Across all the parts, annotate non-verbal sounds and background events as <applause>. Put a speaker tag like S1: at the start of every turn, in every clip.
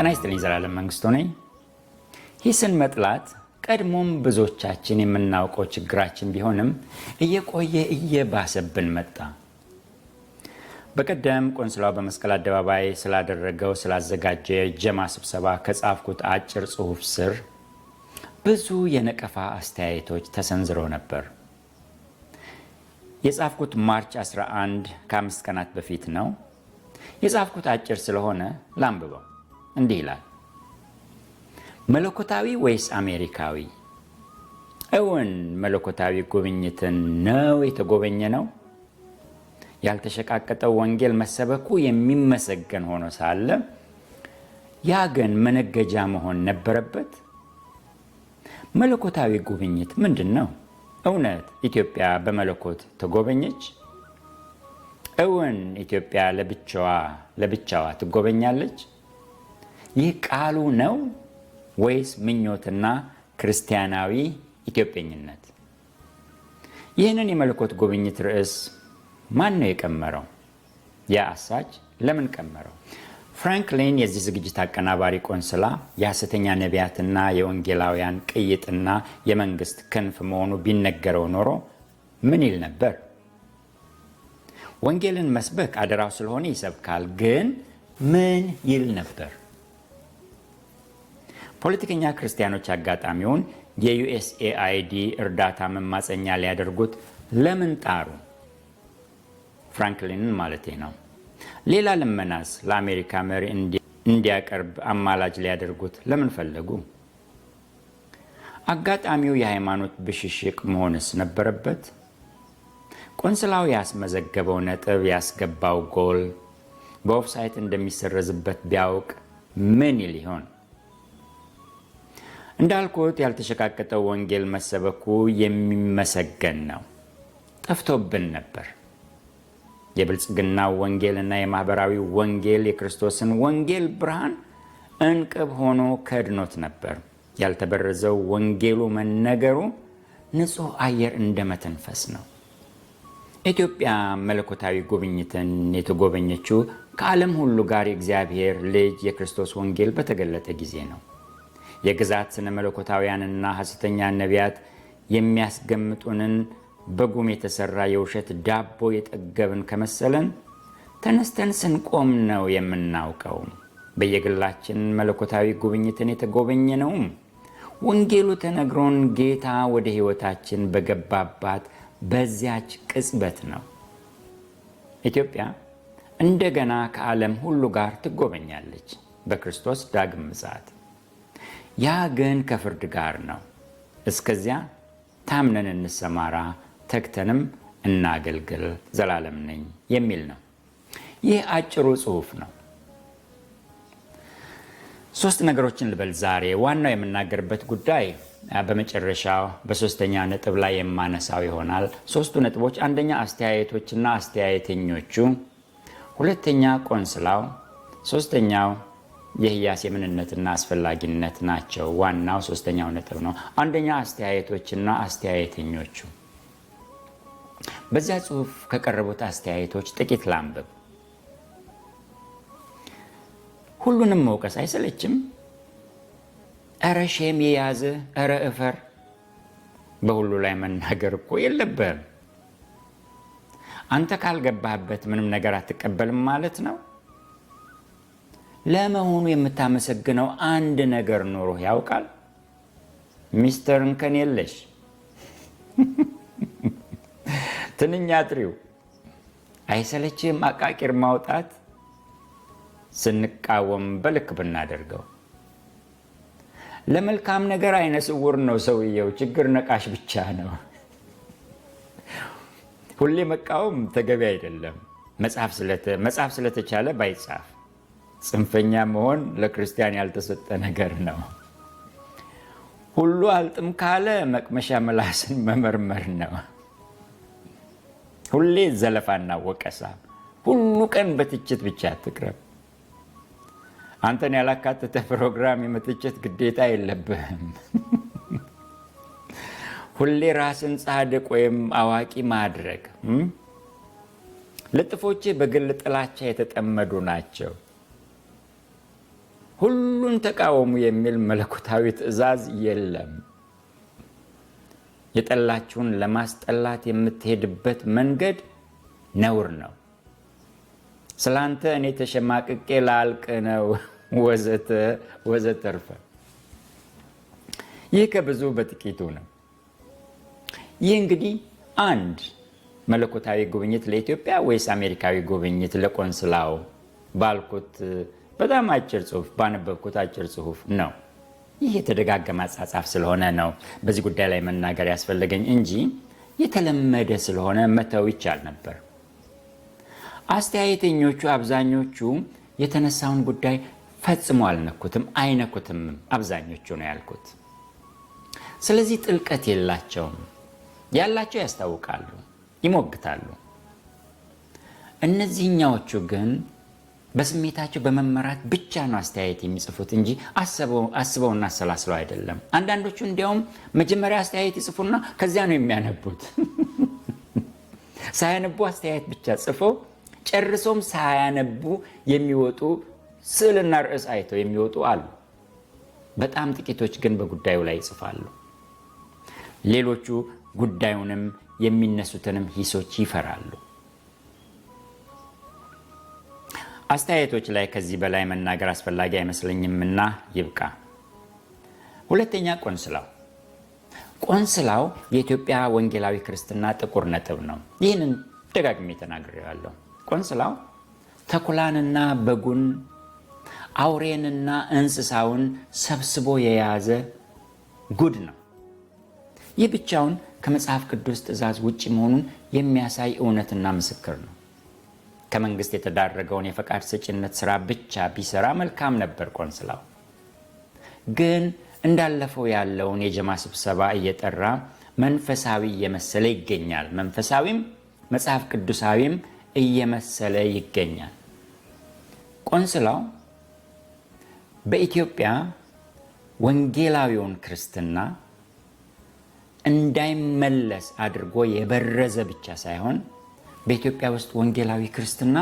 S1: ጤና ይስጥልኝ። ዘላለም መንግስቱ ነኝ። ሂስን መጥላት ቀድሞም ብዙዎቻችን የምናውቀው ችግራችን ቢሆንም እየቆየ እየባሰብን መጣ። በቀደም ቆንስላው በመስቀል አደባባይ ስላደረገው ስላዘጋጀ የጀማ ስብሰባ ከጻፍኩት አጭር ጽሑፍ ስር ብዙ የነቀፋ አስተያየቶች ተሰንዝረው ነበር። የጻፍኩት ማርች 11 ከአምስት ቀናት በፊት ነው። የጻፍኩት አጭር ስለሆነ ላንብበው። እንዲህ ይላል፣ መለኮታዊ ወይስ አሜሪካዊ? እውን መለኮታዊ ጉብኝትን ነው የተጎበኘ ነው። ያልተሸቃቀጠው ወንጌል መሰበኩ የሚመሰገን ሆኖ ሳለ ያ ግን መነገጃ መሆን ነበረበት። መለኮታዊ ጉብኝት ምንድን ነው? እውነት ኢትዮጵያ በመለኮት ተጎበኘች? እውን ኢትዮጵያ ለብቻዋ ለብቻዋ ትጎበኛለች? ይህ ቃሉ ነው ወይስ ምኞትና ክርስቲያናዊ ኢትዮጵኝነት? ይህንን የመለኮት ጉብኝት ርዕስ ማን ነው የቀመረው? ያ አሳጅ ለምን ቀመረው? ፍራንክሊን የዚህ ዝግጅት አቀናባሪ ቆንስላ የሐሰተኛ ነቢያትና የወንጌላውያን ቅይጥና የመንግስት ክንፍ መሆኑ ቢነገረው ኖሮ ምን ይል ነበር? ወንጌልን መስበክ አደራው ስለሆነ ይሰብካል፣ ግን ምን ይል ነበር? ፖለቲከኛ ክርስቲያኖች አጋጣሚውን የዩኤስኤአይዲ እርዳታ መማፀኛ ሊያደርጉት ለምን ጣሩ? ፍራንክሊንን ማለቴ ነው። ሌላ ልመናስ ለአሜሪካ መሪ እንዲያቀርብ አማላጅ ሊያደርጉት ለምን ፈለጉ? አጋጣሚው የሃይማኖት ብሽሽቅ መሆንስ ነበረበት? ቆንስላው ያስመዘገበው ነጥብ ያስገባው ጎል በኦፍሳይት እንደሚሰረዝበት ቢያውቅ ምን ይል ይሆን? እንዳልኩት ያልተሸቃቀጠው ወንጌል መሰበኩ የሚመሰገን ነው። ጠፍቶብን ነበር። የብልጽግና ወንጌል እና የማኅበራዊ ወንጌል የክርስቶስን ወንጌል ብርሃን እንቅብ ሆኖ ከድኖት ነበር። ያልተበረዘው ወንጌሉ መነገሩ ንጹሕ አየር እንደመተንፈስ ነው። ኢትዮጵያ መለኮታዊ ጉብኝትን የተጎበኘችው ከዓለም ሁሉ ጋር የእግዚአብሔር ልጅ የክርስቶስ ወንጌል በተገለጠ ጊዜ ነው። የግዛት ስነ መለኮታውያንና ሐሰተኛ ነቢያት የሚያስገምጡንን በጉም የተሰራ የውሸት ዳቦ የጠገብን ከመሰለን ተነስተን ስንቆም ነው የምናውቀው። በየግላችን መለኮታዊ ጉብኝትን የተጎበኘ ነውም። ወንጌሉ ተነግሮን ጌታ ወደ ሕይወታችን በገባባት በዚያች ቅጽበት ነው። ኢትዮጵያ እንደገና ከዓለም ሁሉ ጋር ትጎበኛለች በክርስቶስ ዳግም ምጽአት። ያ ግን ከፍርድ ጋር ነው። እስከዚያ ታምነን እንሰማራ፣ ተግተንም እናገልግል ዘላለም ነኝ የሚል ነው። ይህ አጭሩ ጽሑፍ ነው። ሶስት ነገሮችን ልበል ዛሬ። ዋናው የምናገርበት ጉዳይ በመጨረሻው በሶስተኛ ነጥብ ላይ የማነሳው ይሆናል። ሶስቱ ነጥቦች፣ አንደኛ አስተያየቶችና አስተያየተኞቹ፣ ሁለተኛ ቆንስላው፣ ሶስተኛው የህያሴ ምንነትና አስፈላጊነት ናቸው። ዋናው ሶስተኛው ነጥብ ነው። አንደኛ አስተያየቶችና አስተያየተኞቹ። በዚያ ጽሁፍ ከቀረቡት አስተያየቶች ጥቂት ላንብብ። ሁሉንም መውቀስ አይሰለችም? እረ ሼም የያዘ እረ እፈር፣ በሁሉ ላይ መናገር እኮ የለብህም አንተ ካልገባህበት ምንም ነገር አትቀበልም ማለት ነው። ለመሆኑ የምታመሰግነው አንድ ነገር ኖሮ ያውቃል? ሚስተር እንከን የለሽ ትንኛ ጥሪው አይሰለችም አቃቂር ማውጣት ስንቃወም በልክ ብናደርገው ለመልካም ነገር አይነ ስውር ነው ሰውየው፣ ችግር ነቃሽ ብቻ ነው። ሁሌ መቃወም ተገቢ አይደለም። መጽሐፍ ስለተቻለ ባይጻፍ ጽንፈኛ መሆን ለክርስቲያን ያልተሰጠ ነገር ነው። ሁሉ አልጥም ካለ መቅመሻ ምላስን መመርመር ነው። ሁሌ ዘለፋና ወቀሳ፣ ሁሉ ቀን በትችት ብቻ አትቅረብ። አንተን ያላካተተ ፕሮግራም የመትችት ግዴታ የለብህም። ሁሌ ራስን ጻድቅ ወይም አዋቂ ማድረግ። ልጥፎቼ በግል ጥላቻ የተጠመዱ ናቸው። ሁሉን ተቃወሙ የሚል መለኮታዊ ትእዛዝ የለም። የጠላችሁን ለማስጠላት የምትሄድበት መንገድ ነውር ነው። ስላንተ እኔ ተሸማቅቄ ላልቅ ነው <laughs> ወዘተርፈ። ይህ ከብዙ በጥቂቱ ነው። ይህ እንግዲህ አንድ መለኮታዊ ጉብኝት ለኢትዮጵያ ወይስ አሜሪካዊ ጉብኝት ለቆንስላው ባልኩት በጣም አጭር ጽሁፍ ባነበብኩት አጭር ጽሁፍ ነው። ይህ የተደጋገመ አጻጻፍ ስለሆነ ነው በዚህ ጉዳይ ላይ መናገር ያስፈለገኝ እንጂ የተለመደ ስለሆነ መተው ይቻል ነበር። አስተያየተኞቹ አብዛኞቹ የተነሳውን ጉዳይ ፈጽሞ አልነኩትም፣ አይነኩትም። አብዛኞቹ ነው ያልኩት። ስለዚህ ጥልቀት የላቸውም። ያላቸው ያስታውቃሉ፣ ይሞግታሉ። እነዚህኛዎቹ ግን በስሜታቸው በመመራት ብቻ ነው አስተያየት የሚጽፉት እንጂ አስበውና አሰላስለው አይደለም። አንዳንዶቹ እንዲያውም መጀመሪያ አስተያየት ይጽፉና ከዚያ ነው የሚያነቡት። ሳያነቡ አስተያየት ብቻ ጽፈው ጨርሶም ሳያነቡ የሚወጡ ስዕልና ርዕስ አይተው የሚወጡ አሉ። በጣም ጥቂቶች ግን በጉዳዩ ላይ ይጽፋሉ። ሌሎቹ ጉዳዩንም የሚነሱትንም ሂሶች ይፈራሉ። አስተያየቶች ላይ ከዚህ በላይ መናገር አስፈላጊ አይመስለኝምና ይብቃ። ሁለተኛ ቆንስላው ቆንስላው የኢትዮጵያ ወንጌላዊ ክርስትና ጥቁር ነጥብ ነው። ይህንን ደጋግሜ ተናግሬዋለሁ። ቆንስላው ተኩላንና በጉን አውሬንና እንስሳውን ሰብስቦ የያዘ ጉድ ነው። ይህ ብቻውን ከመጽሐፍ ቅዱስ ትእዛዝ ውጭ መሆኑን የሚያሳይ እውነትና ምስክር ነው። ከመንግስት የተዳረገውን የፈቃድ ሰጭነት ስራ ብቻ ቢሰራ መልካም ነበር። ቆንስላው ግን እንዳለፈው ያለውን የጀማ ስብሰባ እየጠራ መንፈሳዊ እየመሰለ ይገኛል። መንፈሳዊም መጽሐፍ ቅዱሳዊም እየመሰለ ይገኛል። ቆንስላው በኢትዮጵያ ወንጌላዊውን ክርስትና እንዳይመለስ አድርጎ የበረዘ ብቻ ሳይሆን በኢትዮጵያ ውስጥ ወንጌላዊ ክርስትና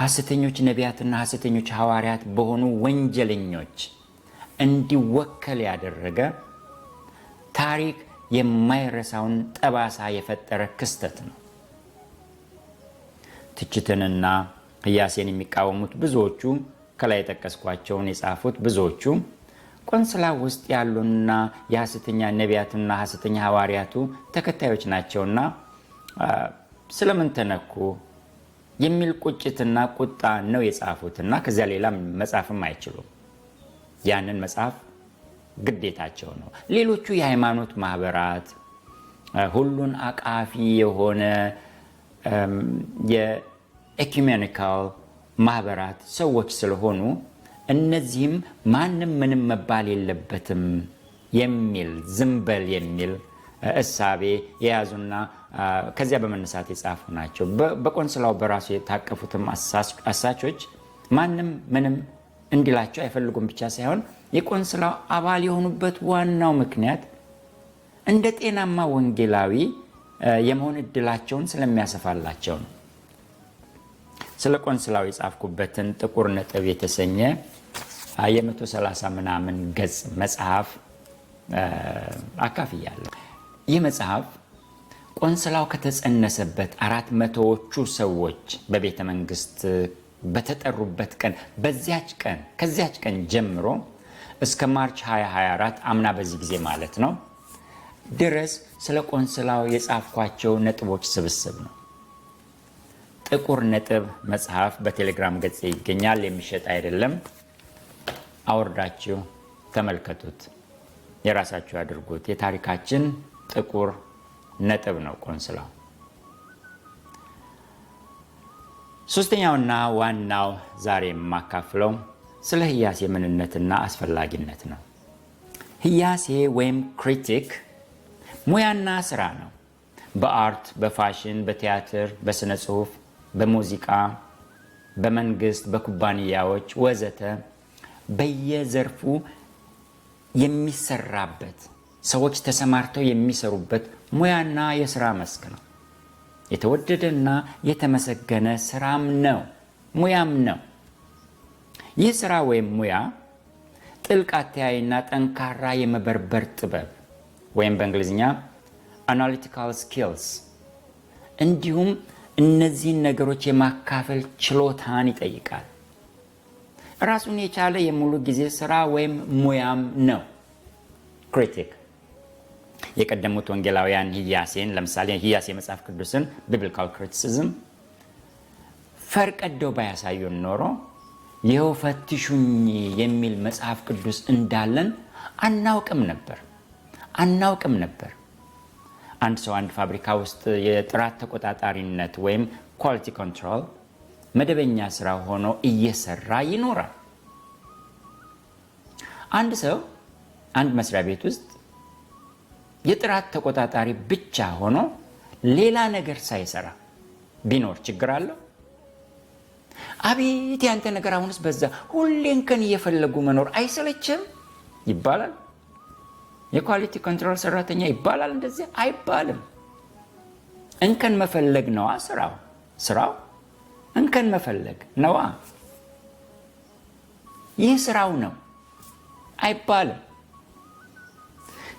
S1: ሐሰተኞች ነቢያትና ሐሰተኞች ሐዋርያት በሆኑ ወንጀለኞች እንዲወከል ያደረገ ታሪክ የማይረሳውን ጠባሳ የፈጠረ ክስተት ነው። ትችትንና ህያሴን የሚቃወሙት ብዙዎቹ ከላይ የጠቀስኳቸውን የጻፉት ብዙዎቹ ቆንስላ ውስጥ ያሉና የሐሰተኛ ነቢያትና ሐሰተኛ ሐዋርያቱ ተከታዮች ናቸውና ስለምን ተነኩ የሚል ቁጭትና ቁጣ ነው የጻፉት እና ከዚያ ሌላ መጽሐፍም አይችሉም። ያንን መጽሐፍ ግዴታቸው ነው። ሌሎቹ የሃይማኖት ማህበራት ሁሉን አቃፊ የሆነ የኤኩሜኒካል ማህበራት ሰዎች ስለሆኑ እነዚህም ማንም ምንም መባል የለበትም የሚል ዝም በል የሚል እሳቤ የያዙና ከዚያ በመነሳት የጻፉ ናቸው። በቆንስላው በራሱ የታቀፉትም አሳቾች ማንም ምንም እንዲላቸው አይፈልጉም ብቻ ሳይሆን የቆንስላው አባል የሆኑበት ዋናው ምክንያት እንደ ጤናማ ወንጌላዊ የመሆን እድላቸውን ስለሚያሰፋላቸው ነው። ስለ ቆንስላው የጻፍኩበትን ጥቁር ነጥብ የተሰኘ የ130 ምናምን ገጽ መጽሐፍ አካፍያለሁ። ይህ መጽሐፍ ቆንስላው ከተጸነሰበት አራት መቶዎቹ ሰዎች በቤተ መንግስት በተጠሩበት ቀን በዚያች ቀን ከዚያች ቀን ጀምሮ እስከ ማርች 224 አምና በዚህ ጊዜ ማለት ነው ድረስ ስለ ቆንስላው የጻፍኳቸው ነጥቦች ስብስብ ነው። ጥቁር ነጥብ መጽሐፍ በቴሌግራም ገጽ ይገኛል። የሚሸጥ አይደለም። አወርዳችሁ ተመልከቱት፣ የራሳችሁ አድርጉት። የታሪካችን ጥቁር ነጥብ ነው ቆንስላው ሶስተኛውና ዋናው ዛሬ የማካፍለው ስለ ህያሴ ምንነትና አስፈላጊነት ነው። ህያሴ ወይም ክሪቲክ ሙያና ስራ ነው። በአርት፣ በፋሽን፣ በቲያትር፣ በስነ ጽሁፍ፣ በሙዚቃ፣ በመንግስት፣ በኩባንያዎች ወዘተ በየዘርፉ የሚሰራበት ሰዎች ተሰማርተው የሚሰሩበት ሙያና የስራ መስክ ነው። የተወደደና የተመሰገነ ስራም ነው፣ ሙያም ነው። ይህ ስራ ወይም ሙያ ጥልቅ አተያይና ጠንካራ የመበርበር ጥበብ ወይም በእንግሊዝኛ አናሊቲካል ስኪልስ እንዲሁም እነዚህን ነገሮች የማካፈል ችሎታን ይጠይቃል። ራሱን የቻለ የሙሉ ጊዜ ስራ ወይም ሙያም ነው። ክሪቲክ የቀደሙት ወንጌላውያን ህያሴን ለምሳሌ ህያሴ መጽሐፍ ቅዱስን ቢብሊካል ክሪቲሲዝም ፈርቀደው ባያሳዩን ኖሮ ይኸው ፈትሹኝ የሚል መጽሐፍ ቅዱስ እንዳለን አናውቅም ነበር አናውቅም ነበር። አንድ ሰው አንድ ፋብሪካ ውስጥ የጥራት ተቆጣጣሪነት ወይም ኳሊቲ ኮንትሮል መደበኛ ስራ ሆኖ እየሰራ ይኖራል። አንድ ሰው አንድ መስሪያ ቤት ውስጥ የጥራት ተቆጣጣሪ ብቻ ሆኖ ሌላ ነገር ሳይሰራ ቢኖር ችግር አለው? አቤት ያንተ ነገር አሁንስ በዛ፣ ሁሌን ከን እየፈለጉ መኖር አይሰለችም ይባላል። የኳሊቲ ኮንትሮል ሰራተኛ ይባላል እንደዚህ አይባልም። እንከን መፈለግ ነዋ ስራው፣ ስራው እንከን መፈለግ ነዋ። ይህ ስራው ነው አይባልም።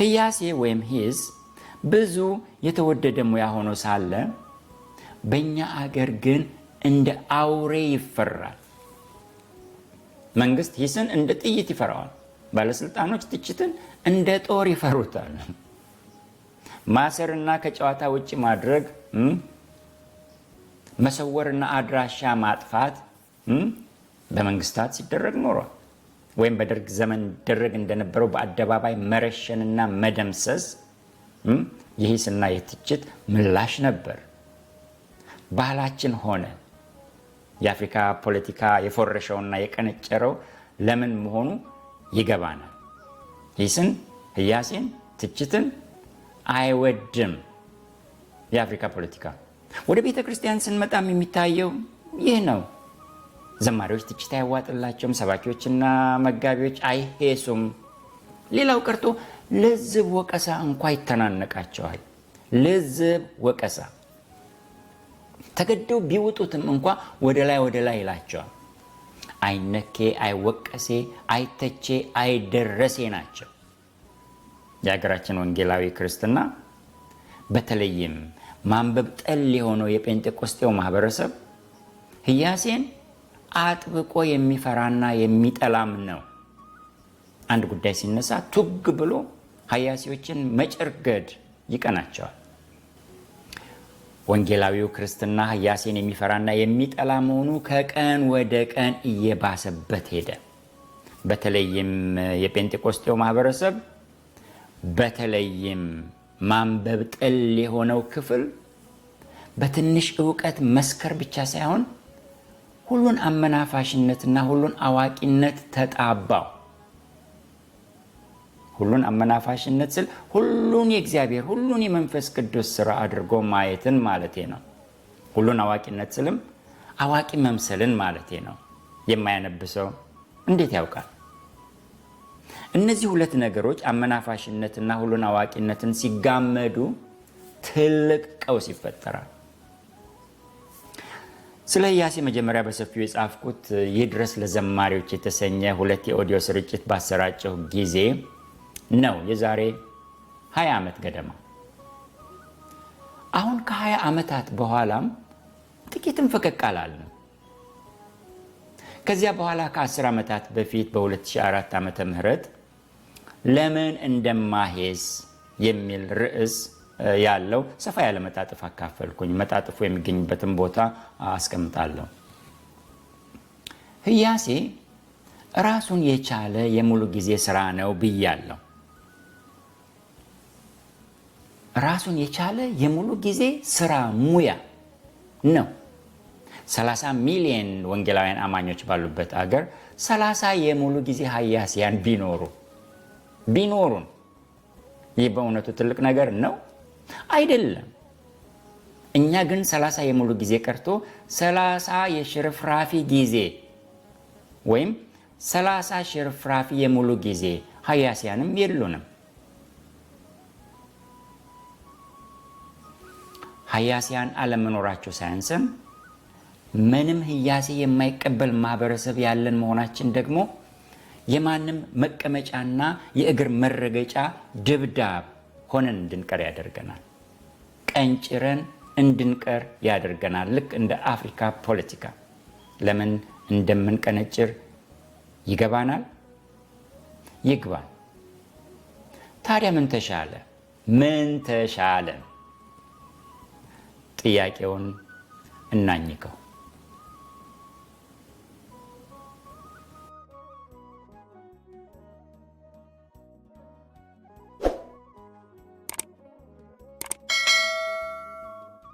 S1: ህያሴ ወይም ሂዝ ብዙ የተወደደ ሙያ ሆኖ ሳለ በእኛ አገር ግን እንደ አውሬ ይፈራል። መንግስት ሂስን እንደ ጥይት ይፈራዋል። ባለስልጣኖች ትችትን እንደ ጦር ይፈሩታል። ማሰርና ከጨዋታ ውጭ ማድረግ፣ መሰወርና አድራሻ ማጥፋት በመንግስታት ሲደረግ ኖሯል። ወይም በደርግ ዘመን ይደረግ እንደነበረው በአደባባይ መረሸንና መደምሰስ የሂስና የትችት ምላሽ ነበር። ባህላችን ሆነ። የአፍሪካ ፖለቲካ የፎረሸውና የቀነጨረው ለምን መሆኑ ይገባናል። ሂስን፣ ህያሴን፣ ትችትን አይወድም የአፍሪካ ፖለቲካ። ወደ ቤተ ክርስቲያን ስንመጣም የሚታየው ይህ ነው። ዘማሪዎች ትችት አያዋጥላቸውም፣ ሰባኪዎችና መጋቢዎች አይሄሱም። ሌላው ቀርቶ ለዝብ ወቀሳ እንኳ ይተናነቃቸዋል። ለዝብ ወቀሳ ተገደው ቢውጡትም እንኳ ወደ ላይ ወደ ላይ ይላቸዋል። አይነኬ፣ አይወቀሴ፣ አይተቼ፣ አይደረሴ ናቸው። የሀገራችን ወንጌላዊ ክርስትና በተለይም ማንበብ ጠል የሆነው የጴንጤቆስጤው ማህበረሰብ ህያሴን አጥብቆ የሚፈራና የሚጠላም ነው። አንድ ጉዳይ ሲነሳ ቱግ ብሎ ሀያሲዎችን መጨርገድ ይቀናቸዋል። ወንጌላዊው ክርስትና ሀያሴን የሚፈራና የሚጠላ መሆኑ ከቀን ወደ ቀን እየባሰበት ሄደ። በተለይም የጴንጤቆስጤው ማህበረሰብ በተለይም ማንበብ ጥል የሆነው ክፍል በትንሽ እውቀት መስከር ብቻ ሳይሆን ሁሉን አመናፋሽነትና ሁሉን አዋቂነት ተጣባው። ሁሉን አመናፋሽነት ስል ሁሉን የእግዚአብሔር ሁሉን የመንፈስ ቅዱስ ስራ አድርጎ ማየትን ማለቴ ነው። ሁሉን አዋቂነት ስልም አዋቂ መምሰልን ማለቴ ነው። የማያነብሰው እንዴት ያውቃል? እነዚህ ሁለት ነገሮች አመናፋሽነትና ሁሉን አዋቂነትን ሲጋመዱ ትልቅ ቀውስ ይፈጠራል። ስለ ህያሴ መጀመሪያ በሰፊው የጻፍኩት ይድረስ ለዘማሪዎች የተሰኘ ሁለት የኦዲዮ ስርጭት ባሰራጨሁ ጊዜ ነው የዛሬ 20 ዓመት ገደማ። አሁን ከ20 ዓመታት በኋላም ጥቂትም ፈቀቅ አላልንም። ከዚያ በኋላ ከ10 ዓመታት በፊት በ2004 ምህረት ለምን እንደማሄስ የሚል ርዕስ ያለው ሰፋ ያለ መጣጥፍ አካፈልኩኝ። መጣጥፉ የሚገኝበትን ቦታ አስቀምጣለሁ። ህያሴ ራሱን የቻለ የሙሉ ጊዜ ስራ ነው ብያለሁ። ራሱን የቻለ የሙሉ ጊዜ ስራ ሙያ ነው። 30 ሚሊዮን ወንጌላውያን አማኞች ባሉበት አገር 30 የሙሉ ጊዜ ሀያሲያን ቢኖሩ ቢኖሩን ይህ በእውነቱ ትልቅ ነገር ነው። አይደለም። እኛ ግን ሰላሳ የሙሉ ጊዜ ቀርቶ ሰላሳ የሽርፍራፊ ጊዜ ወይም ሰላሳ ሽርፍራፊ የሙሉ ጊዜ ሀያሲያንም የሉንም። ሀያሲያን አለመኖራቸው ሳያንስም ምንም ህያሴ የማይቀበል ማህበረሰብ ያለን መሆናችን ደግሞ የማንም መቀመጫና የእግር መረገጫ ድብዳብ ሆነን እንድንቀር ያደርገናል። ቀንጭረን እንድንቀር ያደርገናል። ልክ እንደ አፍሪካ ፖለቲካ ለምን እንደምንቀነጭር ይገባናል። ይግባል? ታዲያ ምን ተሻለ? ምን ተሻለ? ጥያቄውን እናኝከው።